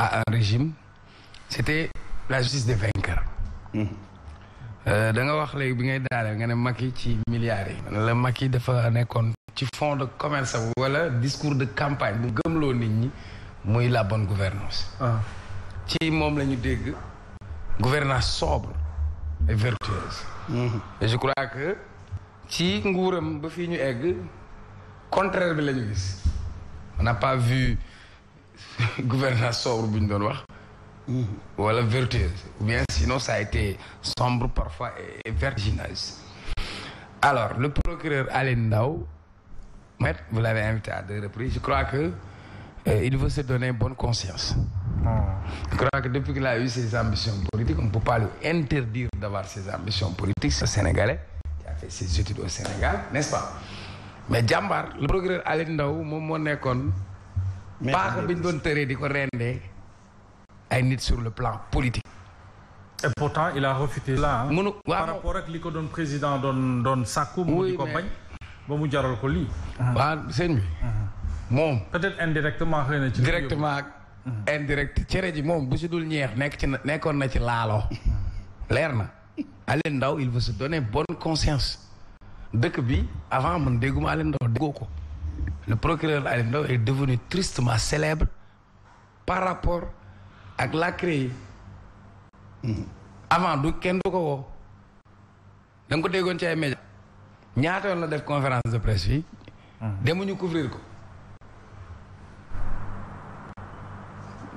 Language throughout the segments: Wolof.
à un régime c'était la justice des vainqueurs hmm. euh, da wax léegi bi ngay daaneel nga ne yi ci milliards yi la yi dafa nekkoon ci fond de commerce wala discours de campagne bu loo nit ñi muy la bon gouvernance ah. ci moom lañu ñu dégg gouvernance sobre et vertueuse hmm. je crois que ci nguuram ba fii ñu egg contraire bi la gis on pas vu gouvernance sobre bu ñu doon wax mm-hmm. wala vertueuse ou bien sinon ça a été sombre parfois et vertigineuse alors le procureur Alioune Ndao maître vous l'avez invité à deux reprises je crois que euh, il veut se donner bonne conscience ah. je crois que depuis qu'il a eu ses ambitions politiques on ne peut pas lui interdire d'avoir ses ambitions politiques c'est un Sénégalais qui a fait ses études au Sénégal n'est-ce pas mais jàmbaar le procureur Alioune Ndao moom moo paaka bi ñu doon tëree di ko rendee ay nit sur le plan politique. et pourtant il a refuté là mënu par rapport ak li ko doon président doon doon sàkku. mu di ko bañ ba mu jaral ko lii. Ah, waaw sëñ ah. moom peut-être indirectement xëy na ci. directement ak indirect cere ji moom bu si dul ñeex nekk ci nekkoon na ci laalo leer na Alioune ndaw il veut se donner bonne conscience dëkk bi avant man dégguma Alioune Ndao déggoo ko. le procureur Alif Ndao est devenu tristement célèbre par rapport ak la CREI mm-hmm. avant du kenn du ko woo da ko déggoon ci ay média ñaata yoon la def conférence de presse fii mm-hmm. demuñu couvrir ko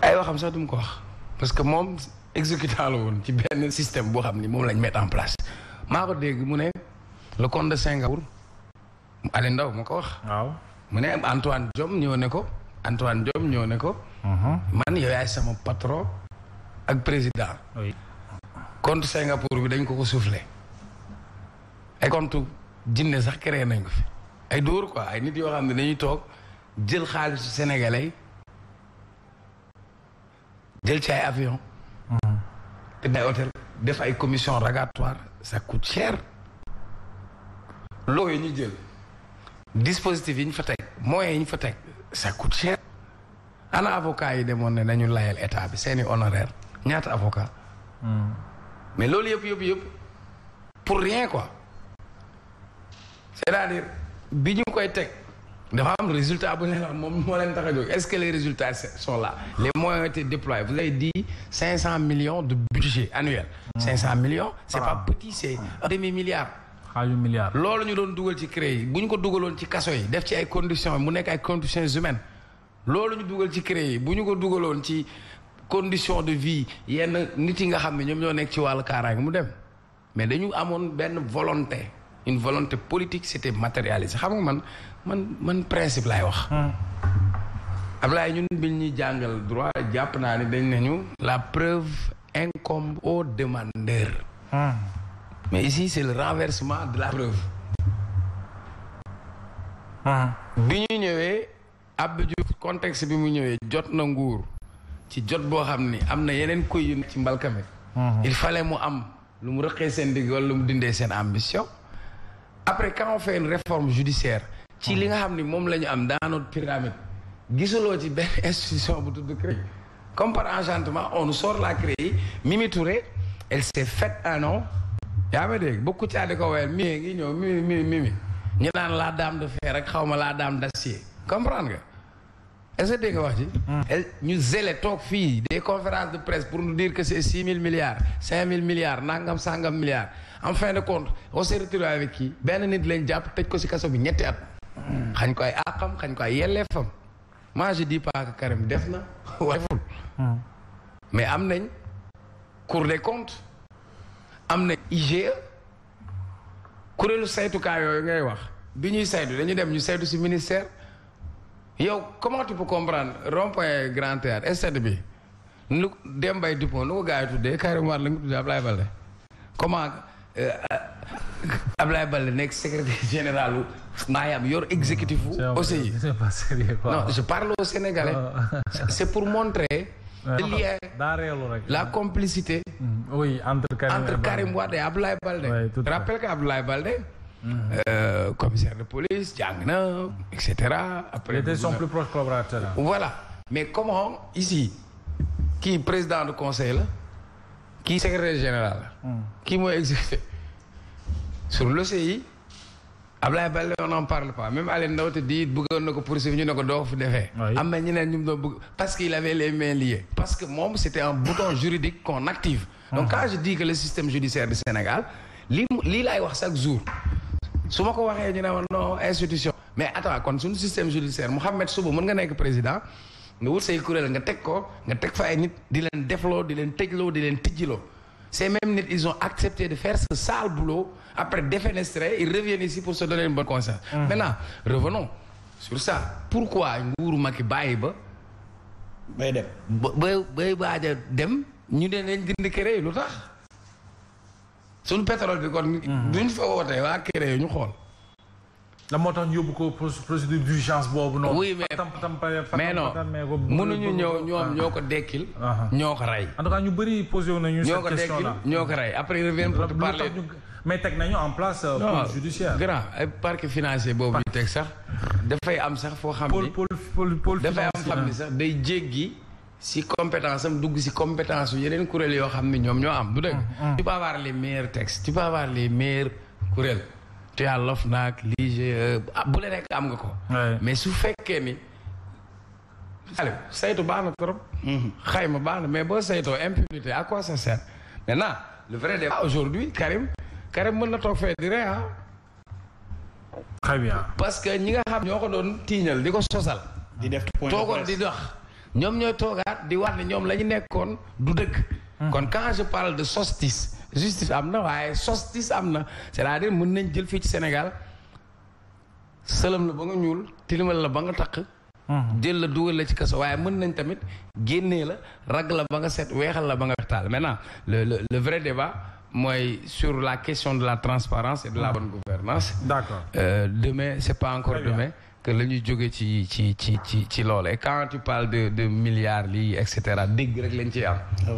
ay waxam sax du mu ko wax parce que moom exécutant la woon ci benn système boo xam ni moom lañ mettre en place maa ko dégg mu ne le compte de Singapour Alioune Ndao mu ko wax waaw mu ne Antoine Diome ñëw ne ko Antoine Diome ñëw ne ko. Mhm. man yow yaay sama patron ak président. compte Singapour bi dañ ko ko soufflé ay compte jinne sax créé nañ ko fi ay dóor quoi ay nit yoo xam ne dañuy toog jël xaalis sénégalais jël ci avion mhm. te ay hôtel def ay commission rogatoire ça coûte cher loo yi ñu jël dispositif yi ñu fa teg moyens yi ñu fa teg ça coûte cher ana avocat yi demoon ne dañu layal état bi seeni honoraire ñaata avocat hmm. mais loolu yëpp yëpp yëpp pour rien quoi c'est-à-dire bi ñu koy teg dafa am résultat bu ne la moom moo leen tax a jóg est-ce que les résultats sont là les moyens ont été déployés vous avez dit cinq cent million de budget annuel hmm. cinq cent million c'est pas petit c'est un hmm. demi milliard xaaju milliard. loolu ñu doon dugal ci CREI yi bu ñu ko dugaloon ci kaso yi def ci ay conditions mu nekk ay conditions humaines loolu ñu dugal ci CREI yi bu ñu ko dugaloon ci condition de vie yenn nit yi nga xam ne ñoom ñoo nekk ci wàllu kaaraange mu dem mais dañu amoon benn volonté une volonté politique c'était matérialisé xam nga man man man principe laay wax. Hmm. Ablaye ñun bi ñuy jàngal droit jàpp naa ne dañ nañu la preuve incombe au demandeur. Hmm. mais ici c'est le renversement de la preuve. Ah. bi ñu ñëwee Abdou Diouf contexte bi mu ñëwee jot na nguur ci jot boo xam ni am na yeneen koy yu ci mbalkame mhm. il fallait mu am lu mu rëqee seen digg wala lu mu dindee seen ambition après quand on réforme judiciaire ci li nga xam ni moom la ñu am dans notre pyramide gisuloo ci benn institution bu tudd CREI comme par enchantement on nous sort la CREI Mimi Touré elle s'est faite un yaa ma dégg ba Kouthia di ko wéyal mii ngi ñëw mimi mimi mimi ñu naan la dame de fer rek xaw ma la dame d'acier nga est-ce que wax ji hmm. ñu zélé toog fii des conférences de presse pour nous dire que c'est six mille milliards cinq mille milliards nangam sangam milliards en fin de compte on s'est retrouvé avec kii benn nit lañ jàpp tëj ko si kaso bi ñetti at hmm. xañ ko ay àqam xañ ko ay yelleefam moi je dis Karim def na wala deful hmm. mais am nañ Cour am na IGE kuréelu saytukaay yooyu ngay wax bi ñuy saytu dañuy dem ñu saytu si ministère yow comment tu peux comprendre rond-point Grand Théâtre stade bi nu Dembay Dupont nu ko gaa yi tuddee Karim Wade la ñu tuddee Ablaye Balde comment euh, Ablaye Balde nekk secrétaire général u Maayam yor exécutif u aussi non je parle au sénégalais oh. c'est pour montrer Eh, lié la complicité. Mm-hmm. entre Karim entre Karim Wade et Abdoulaye Balde. oui rappelle que Abdoulaye Balde. Mm-hmm. Euh, commissaire de police jàng na cetera. après était son plus proche collaborateur. voilà mais comment ici kii président du conseil la kii secrétaire général la. kii mm. mooy exécuté sur Ablaye Baldé on n'en parle pas même Alioune Ndao te di bëggoon na ko poursuivre ñu ne ko doo fu defee. am na ñeneen ñu doon bëgg parce qu'il avait les mains liées. parce que moom c'était un bouton juridique qu'on active. donc ah. quand je dis que le système judiciaire du Sénégal lii lii laay wax chaque jour su ma ko waxee ñu ne ma non institution. mais attends kon suñu système judiciaire Mouhamed suba mën nga nekk président nga wut say kuréel nga teg ko nga teg fa ay nit di leen defloo di leen tëjloo di leen tijjiloo. ces mêmes nit ils ont accepté de faire ce sale boulot après défenestrer ils reviennent ici pour se donner une bonne conscience mmh. maintenant sur ça pourquoi nguuru Macky bàyyi ba bay dem bay baaja dem ñu ne nañ dindi kere lu tax suñu pétrole bi kon duñ fa wootee waa kere ñu xool la moo tax ñu yóbbu ko procédure d'urgence boobu noonu. oui mais mais non mënuñu ñëw ñoom ah. ñoo ko dekkil. Ah, ah. ñoo ko rey. en tout cas ñu bëri posé wu nañu. ñoo ko dekkil ñoo ko rey après. revient pour parler mais teg nañu en place. Euh, pôle judiciaire grand ay parquet financier boobu teg sax. dafay am sax foo xam ni pôle pôle pôle dafay am xam ni sax day jéggi. si compétence am dugg si compétence yu yeneen kuréel yoo xam ne ñoom ñoo am. du dëgg. Mm, mm. tu peux avoir les meilleurs textes tu peux avoir les kuréel. tu as l'OFNAC l'IGE euh, ah, bu la am nga ko. mais su fekkee ni. allez saytu baax na trop. Mhm. xayma baax na mais boo saytoo impunité à quoi ça sert maintenant le vrai débat aujourd'hui Karim mën na toog fee di rey ah. très bien parce que ñi nga xam ñoo ko doon tiiñal di ko sosal. di def point toogoon di dox ñoom ñooy toogaat di wax ne ñoom la ñu nekkoon du dëgg. Hmm. kon quand je parle de solstice. justice am na waaye justice am na c'est-à-dire mën nañ jël fii ci Sénégal sëlam la ba nga ñuul tilimal la ba nga takk mhm. jël la dugal la ci kaso waaye mën nañ tamit génnee la rag la ba nga set weexal la ba nga wextaal maintenant le le le vrai débat mooy sur la question de la transparence et de la mhm. bonne gouvernance d'accord euh, demain c'est pas encore demain que la ñuy jóge ci ci ci ci ci loolu et quand de de milliards lii et cetera dégg rek lañ ci am. Ah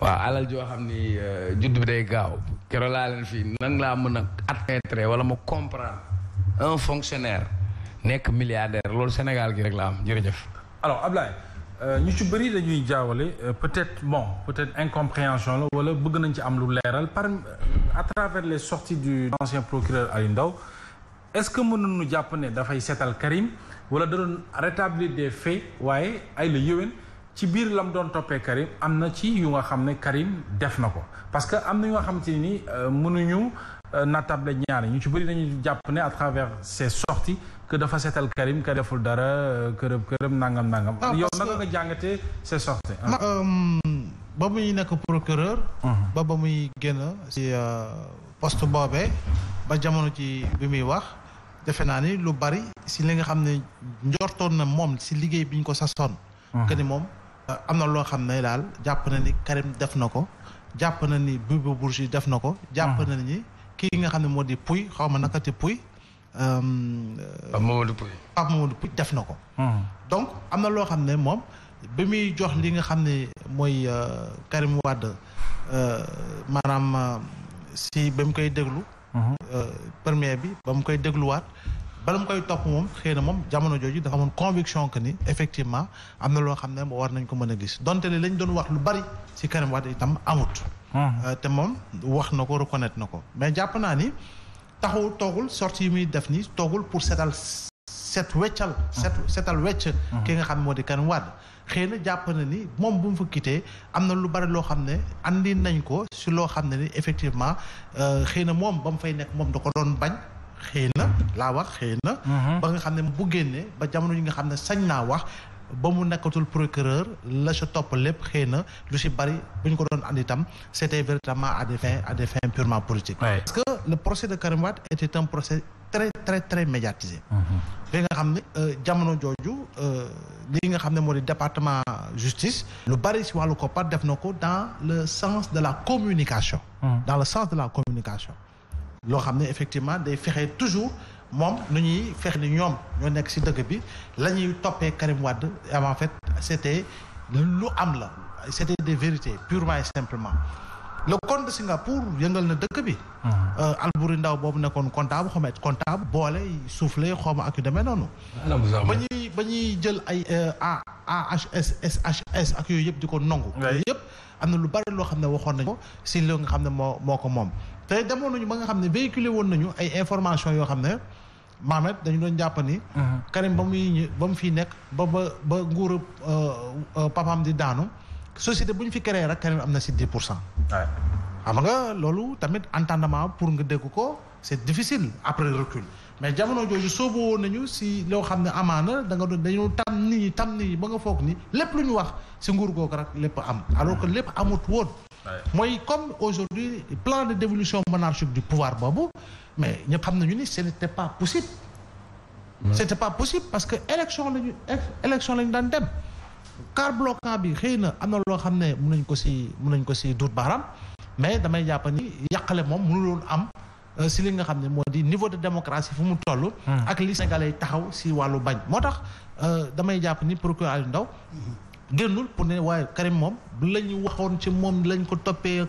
waaw alal joo xam ni euh, judd bi day gaaw keroog laa leen fii nan laa mën a admettre wala ma comprendre un fonctionnaire nekk milliardaire loolu Sénégal gi rek la am jërëjëf. alors Ablaye euh, ñu ci bëri dañuy jaawale euh, peut-être bon peut-être incompréhension la wala bëgg nañ ci am lu leeral par à travers les sorties du ancien procureur Aliou Ndao est-ce que mënuñu jàpp ne dafay seetal Karim wala da doon rétablir des faits waaye ay la yéwén ci biir lam doon toppee Karim am na ci yu nga xam ne Karim def na ko parce que am na yu nga xam te ni euh, mënuñu euh, natable ñaar ñu ci bëri nañu jàpp ne à travers ces sorties dafa setal Karim ka deful dara euh, kërëb kërëb nangam nangam. Ah, yow naka nga jàngatee ces sorties. ba muy nekk procureur. ba ba muy génn si poste boobee ba jamono ci bi muy wax. defe naa ni lu bari si li nga xam ne njortoon na moom si liggéey bi ñu ko sasoon. que ni moom euh, am na loo xam ne daal jàpp na ni Karim def na ko jàpp na ni Bibo Bourgi na ko. jàpp na ni kii nga xam ne moo di Pouy xaw ma naka te Pouy. Euh, euh, Pape Mamadou Pouy. Pape def na ko. donc am na loo xam ne moom bi muy jox li nga xam ne mooy Karim Wade maanaam si ba mu koy déglu. premier bi ba mu koy dégluwaat bala mu koy topp moom xëy na moom jamono jooju dafa amoon conviction que ni effectivement am na loo xam ne war nañ ko mën a gis donte ne lañ doon wax lu bari ci Karim Wade itam amut. Hmm. Euh, te moom wax na ko reconnaître na ko mais jàpp naa ni taxawul toogul sortie yi muy def nii toogul pour setal set weccal. set hmm. setal wecc. Hmm. ki nga xam moo di Karim waat xëy na jàpp na ni moom bu mu fa quitté am na lu bari loo xam ne andi nañ ko si loo xam ne ni effectivement euh, xëy na moom ba mu fay nekk moom da ko doon bañ xëy na laa wax xëy na mm-hmm. ba nga xam ne bu génnee ba jamono yi nga xam ne sañ naa wax ba mu nekkatul procureur la sa topp lépp xëy na lu si bari bu ñu ko doon andi itam c'était véritablement à des fins à des fins purement politiques ouais. parce que le très très très médiatisé mm-hmm. euh, jamono jooju Euh, li nga xam ne moo di département justice lu bari si wàllu par def na ko dans le sens de la communication hmm. dans le sens communication loo xam ne effectivement day fexe toujours moom nu ñuy fexe ni ñoom ñoo nekk si dëgg bi lañuy ñuy toppee Karim Wade en fait c'était lu am la c'était des vérités purement et simplement le compte de Singapour yëngal na dëkk bi. Uh-huh. Uh, Alburi Ndaw boobu nekkoon comptable xaw ma comptable boole soufflé xaw ma ak yu demee noonu. ba ñuy ba ñuy jël ay uh, AHS SHS ak yooyu yëpp di ko nangu. yëpp am na lu bari loo xam ne waxoon nañu ko si loo nga xam ne moo moo ko moom. te demoon nañu ba nga xam ne véhiculé woon nañu ay information yoo xam ne Mohamed dañu doon jàpp ni. Uh-huh. Karim ba muy ba mu fii nekk ba ba ba nguuru uh, papaam di daanu. société bu ñu fi créé rek Karim am na si 10 pour cent. xam nga loolu tamit entendement pour nga dégg ko c'est difficile après recul mais jamono jooju soobu woon nañu si loo xam ne amaana da nga doon dañoo tam nit ñi tam nit ba nga foog ni lépp lu ñu wax si nguur googu rek lépp am alors que lépp amut woon. mooy comme aujourd'hui plan de dévolution monarchique du pouvoir boobu mais ñëpp xam nañu ni ce n'était pas possible. c'était pas possible parce que élection lañu élection lañu daan dem. car bi xëy na am na loo xam ne mun nañ ko si mun nañ ko si duut baaraam mais damay jàpp ni yàqale moom mënuloon am euh, si li nga xam ne moo di niveau de démocratie fu mu toll. Hmm. ak li Sénégalais taxaw si wàllu bañ moo tax euh, damay jàpp ni procureur yu Ndao hmm. génnul pour ne waaye Karim moom la ñu waxoon ci moom lañ ko toppee.